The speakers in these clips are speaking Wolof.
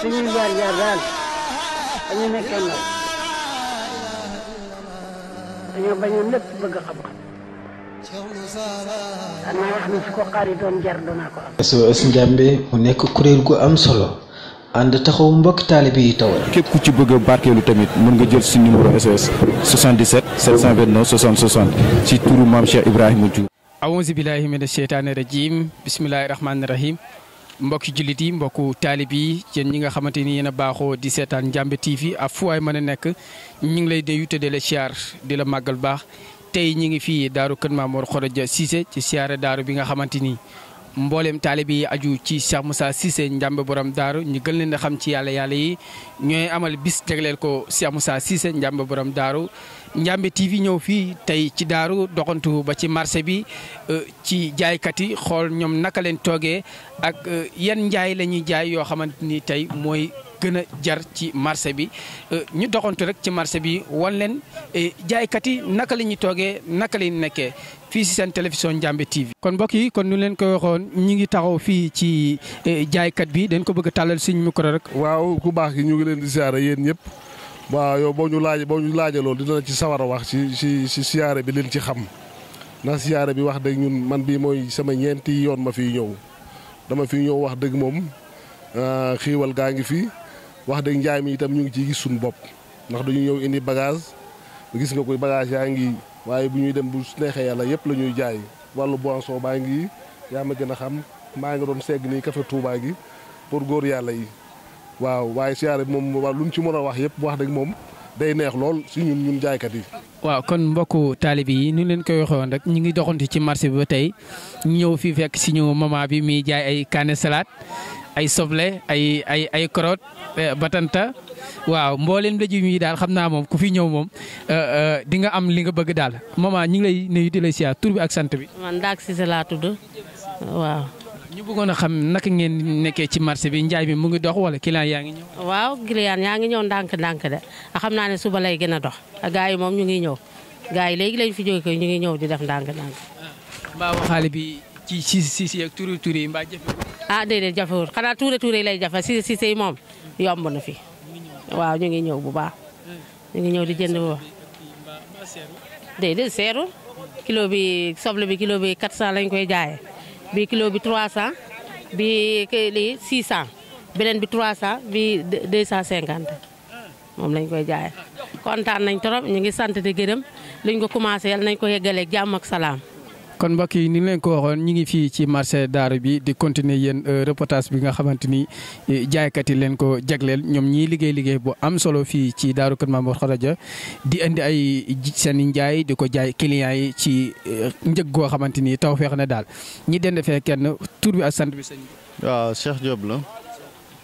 suñu jaar jaar daal dañu nekkee ndaw dañoo bañoon lépp bëgg xam-xam xanaa wax ni jar doonaa ko am. SOS Njambe mu nekk kuréel gu am solo ànd taxaw mbokk taalibe yi tawal. képp ku ci bëgg a barkeelu tamit mën nga jël si numéro SOS 77 729 60 60 ci turu maam Cheikh Ibrahima Diouf. awuzu billahi mina sheytaani rajim bismillahi rahmaani rahim. mbokki jullit yi mbokku taalib yi yéen ñi nga xamante ni yéen a baaxoo di seetaan Ndiamé yi ak fu waay mën a nekk ñu ngi lay déyu te di la siyaar di la màggal baax tey ñi ngi fii daaru Kër Mamoor Xoroja Cissé ci siyaare daaru bi nga xamante nii mboolem taalibe yi aju ci Cheikh Moussa Cissé njàmbe borom daaru ñu gën leen a xam ci yàlla yàlla yi ñooy amal bis jagleel ko Cheikh Moussa Cissé njàmbe borom daaru njàmbe TV ñëw fii tey ci daaru doxantu ba ci marché bi euh, ci jaaykat yi xool ñoom naka leen toogee ak euh, yan njaay la ñuy jaay yoo xamante ni tey mooy gën a jar ci marché bi euh, ñu doxantu rek ci marché bi wan leen euh, jaaykat yi naka la ñuy toogee naka la ñuy nekkee fii si seen télévision Ndiamé TV. kon mbokk yi kon nu leen koy waxoon ñu ngi taxaw fii ci euh, jaaykat bi dañ ko bëgg a tàllal mu micro rek. waaw ku baax gi ñu ngi leen di siyaare yéen ñëpp waaw yow boo ñu laaj boo ñu laajee loolu dina la ci sawar a wax ci si ci siyaare bi leen ci xam ndax siyaare bi wax dëgg ñun man bii mooy sama ñeenti yoon ma fiy ñëw dama fiy ñëw wax dëgg moom xiiwal gaa ngi fii wax dëgg njaay mi itam ñu ngi ciy gis suñu bopp ndax dañu ñëw indi bagage gis nga koy bagage yaa ngi waaye bu ñuy dem bu neexee yàlla yëpp la ñuy jaay wàllu boisson baa ngi yaa ma gën a xam maa ngi doon segg nii café tuubaa gi pour góor yàlla yi waaw waaye siyaare bi moom waaw lu ñu ci wax yëpp wax dëgg moom day neex lool si ñun ñun jaaykat yi. waaw kon mbokku taalibe yi ñu leen koy waxoon rek ñu ngi doxantu ci marché bi ba tey ñëw fii fekk si ñu maman bi muy jaay ay kaane salade ay soble ay ay ay carotte eh, batanta waaw mbooleem légumes yi daal xam naa moom ku fi ñëw moom eh, eh, di nga am li nga bëgg daal moom ñu ngi lay nuyu di lay siyaar tur bi ak sant bi. man Ndaak Cissé laa tudd waaw. ñu bëggoon a xam naka ngeen nekkee ci marché bi njaay bi mu ngi dox wala client yaa ngi ñëw. waaw client yaa ngi ñëw ndànk-ndànk de ah, naa ne suba lay gën a dox ah, gars yi moom ñu ngi ñëw gars yi léegi lañ fi jógee ko ñu ngi ñëw di def ndànk-ndànk. ah déedéet jafewul xana touré touré lay jafe si si sey mom yomb na fi waaw ñu ngi ñew bu baax ñu ngi ñew di jënd bu baax déedéet seerul kilo bi soble bi kilo bi 400 lañ koy jaay bi kilo bi 300 bi ke li 600 benen bi 300 bi 250 mom lañ koy jaay kontaan nañ torop ñu ngi sante de gërem luñ ko commencé yal nañ ko yeggaleeg jamm ak salam kon mbokk yi ni leen ko waxoon ñi ngi fii ci marché daaru bi di continuer yéen euh, reportage bi nga xamante ni eh, jaaykat yi leen ko jagleel ñoom ñii liggéey liggéey boo am solo fii ci daaru Kër Mame Mor Kharaja di indi ay seen njaay di ko jaay clients yi ci eh, njëg goo xamante ni taw feex na daal ñi dend fee kenn tur bi ak sant bi sëñ bi. waaw Cheikh la.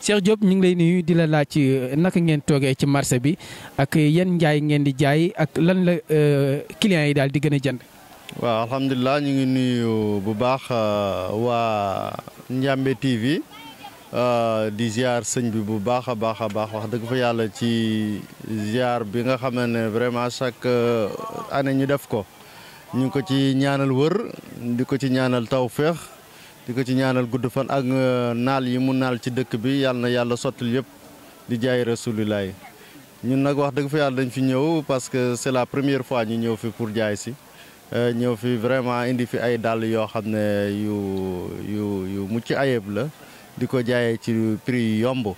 Cheikh ñu ngi lay nuyu di la laaj eh, naka ngeen toogee ci marché bi ak yan njaay ngeen di jaay ak lan la euh, clients yi daal di gën a jënd. waaw alhamdulilah ñu ngi nuyu bu baax euh, waa Ndiamé TV euh, di ziar sëñ bi bu baax a baax a baax wax dëgg fa yàlla ci ziar bi nga xam ne vraiment chaque euh, année ñu def ko ñu ngi ko ci ñaanal wër di ko ci ñaanal tawféex di ko ci ñaanal gudd fan ak naal yi mu naal ci dëkk bi yàlla na yàlla sottil yëpp di jaay rasulilaay ñun nag wax dëgg fa yàlla dañ fi ñëw parce que c'est la première fois ñu ñëw fi pour jaay si. Euh, ñëw fi vraiment indi fi ay dàll yoo xam ne yu yu yu mucc ayib la di ko jaayee ci prix yu yomb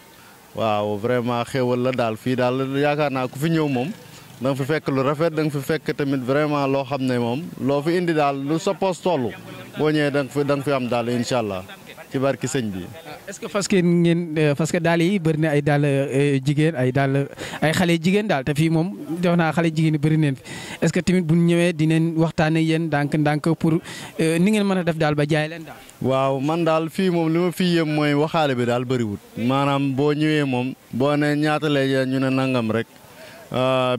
waaw vraiment xéewal la daal fii daal yaakaar naa ku fi ñëw moom da nga fi fekk lu rafet da nga fi fekk tamit vraiment loo xam ne moom loo fi indi daal lu sa poos boo ñëwee da nga fi da nga fi am daal incha allah ci barki sëñ bi. est-ce que fas ngeen ngeen parce euh, que daal yi bëri ay daal euh, jigéen ay daal ay xale jigéen daal te fii moom def naa xale jigéen yi bëri neen fi est-ce que tamit bu ñëwee dinañ waxtaan ak yéen ndànk ndànk pour euh, ni ngeen mën a def daal ba jaay leen daal. waaw man daal fii moom li ma fi yëm mooy waxaale bi daal bëriwut maanaam boo ñëwee moom boo ne ñaata lay ñu ne nangam rek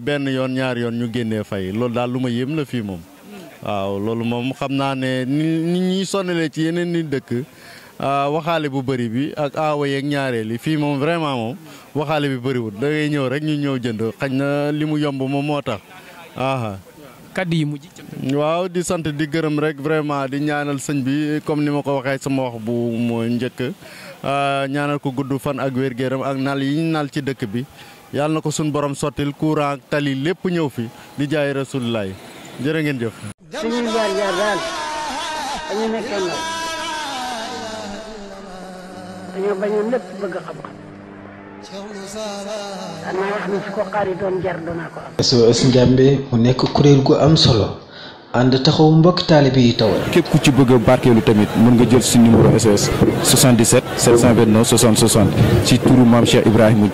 benn yoon ñaar yoon ñu génnee fay loolu daal lu ma yëm la fii moom. Hmm. waaw loolu moom xam naa ne ni ñuy ci yeneen ni dëkk. Ah, waxaale bu bari bi ak aawa yeeg ñaareel yi fii moom vraiment moom waxaale bi bëriwul da ñëw rek ñu ñëw jënd xañ na li mu yomb moom moo tax aha kaddu yi mujj waaw di sant di gërëm rek vraiment di ñaanal sëñ bi comme ni ma ko waxee sama wax bu mu njëkk ah, ñaanal ko gudd fan ak wér ak nal yi ñu naal ci dëkk bi yal na ko suñ borom sottil courant ak tali lépp ñëw fi di jaay rasulilaay jërë ngeen jëf. dañoo bañoon lépp bëgg xam-xam danaa wax mu nekk kuréel gu am solo ànd taxaw mbokk taalibe yi tawal képp ku ci bëgg a barkeelu tamit mën nga jël si numéro SOS 77 729 60 ci turu maam Cheikh Ibrahima Diouf